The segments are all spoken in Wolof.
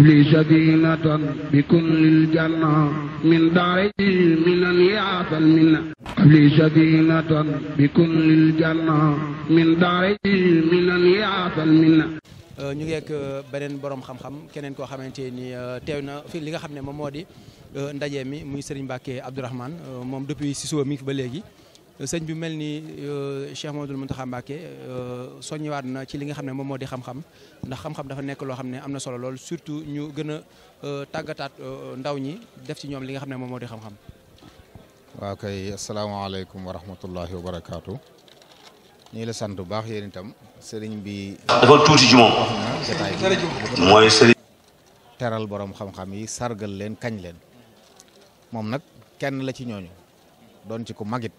لي سكينة بكل bi من داري من يعطى المنة لي سكينة بكل الجنة ñu ngeek euh, beneen borom xam-xam keneen koo xamante ni euh, teew na li nga xam ne moom moo di euh, ndaje mi muy Serigne Mbacke Abdourahmane moom depuis si suba mi fi ba léegi sëñ bi mel ni euh, Cheikh Mamadou Mountakha Mbacké euh, soññiwaat na ci li nga xam ne moom moo di xam-xam ndax xam-xam dafa nekk loo xam ne am na solo lool surtout ñu gën a euh, tàggataat ndaw ñi def ci ñoom li nga xam ne moom moo di xam-xam. waaw kay asalaamaaleykum wa rahmatullahi wa barakaatu. ñu la sant bu baax yéen itam sëriñ bi. mooy sëriñ. teral borom xam-xam yi sargal leen kañ leen moom nag kenn la ci ñooñu doon ku magit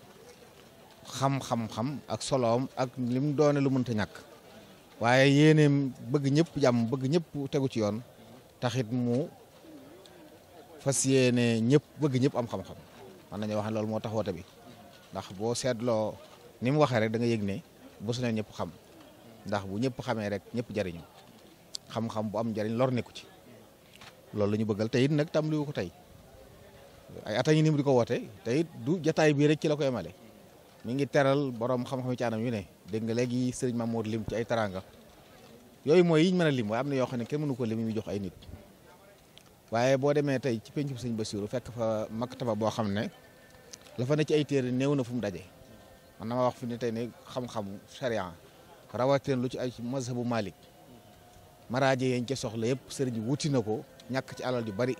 xam-xam-xam ak soloom ak nim doone lu mënta ñàkk waaye yéeneem bëgg ñëpp jàmm bëgg ñëpp tegu ci yoon taxit mu fas yéene ñëpp bëgg ñëpp am xam-xam mën nañu wax ne loolu moo tax woote bi ndax boo seetloo ni mu waxee rek danga nga yëg ne bu su ne ñëpp xam ndax bu ñëpp xamee rek ñëpp jariñu xam-xam bu am jariñ lor nekku ci loolu la ñu bëggal tey it nag tam liwu ko tey ay at a ngi mu di ko woote tey du jataay bii rek ci la koy male mi ngi teral borom xam-xam ci anam yu ne dégg nga léegi sëriñ Mamour lim ci ay taranga yooyu mooy yiñ mën a lim waaye am na yoo xam ne kenn mënu ko lim mu jox ay nit waaye boo demee tey ci pencum sëñ Basiru fekk fa taba boo xam ne la fa ne ci ay téere néew na fu mu daje man na ma wax fi ne tey ne xam-xamu sharia rawatina lu ci ay mazhabu Malik maraaje yañ ca soxla yëpp sëriñ bi wuti na ko ñàkk ci alal yu bari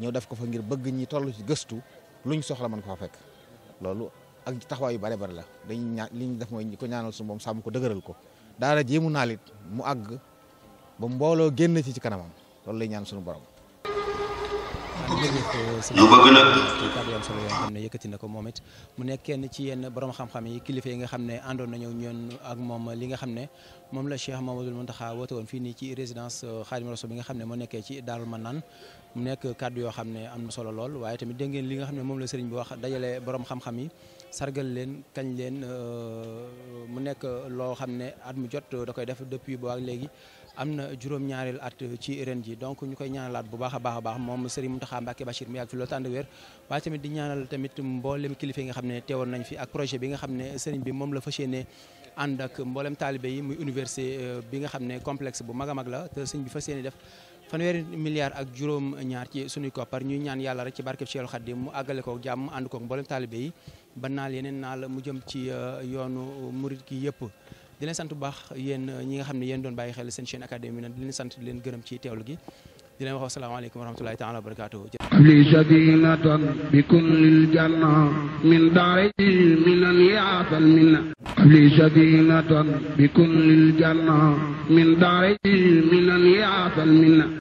ñëw def ko fa ngir bëgg ñi toll ci gëstu luñ soxla mën ko fekk ak taxawaay yu bare bare la dañ ñaan li ñu def mooy ko ñaanal suñu moom sàmm ko dëgëral ko daara mu naalit mu àgg ba mbooloo génn ci ci kanamam loolu lay ñaan suñu borom ñu bëgg nag kàddu yam yoo xam ne yëkkati na ko moom it mu nekk kenn ci yenn borom xam-xam yi kilifa yi nga xam ne àndoon nañu ñoon ak moom li nga xam ne moom la Cheikh Mamadou Mountakha woote woon fii nii ci résidence euh, Khadim Rassoul bi nga xam ne moo nekkee ci Darou Manane mu nekk kàddu yoo xam ne am na solo lool waaye tamit dégg ngeen li nga xam ne moom la sëriñ bi wax dajale borom xam-xam yi sargal leen kañ leen euh, mu nekk loo xam ne at mu jot da koy def depuis boo ak léegi am na juróom-ñaareel at ci ren ji donc ñu koy ñaanalaat bu baax a baax a baax moom sëriñ Mountakha Mountakha Mbacké Bachir mu yàgg fi loolu tànd wér waaye tamit di ñaanal tamit mboolem kilifa nga xam ne teewoon nañ fi ak projet bi nga xam ne sëriñ bi moom la fas yéene ànd ak mboolem taalibe yi muy université euh, bi nga xam ne complexe bu mag a mag la te sëriñ bi fas yéene def fanweeri milliards ak juróom ñaar ci suñuy koppar ñuy ñaan yàlla rek ci barkeb Cheikhul Khadim mu àggale ko jàmm ànd koog mboolem taalibe yi ba naal yeneen naal mu jëm ci euh, yoonu murid gi di sant bu baax yéen euh, ñi nga xam ne yéen doon bàyyi xel sen chaîne académie nag di leen sant leen gërëm ci teewlu gi di leen wax asalaamaaleykum wa rahmatulahi taala wa barakaatu li sadinatan bi li sadinatan min daari minan yaatal minna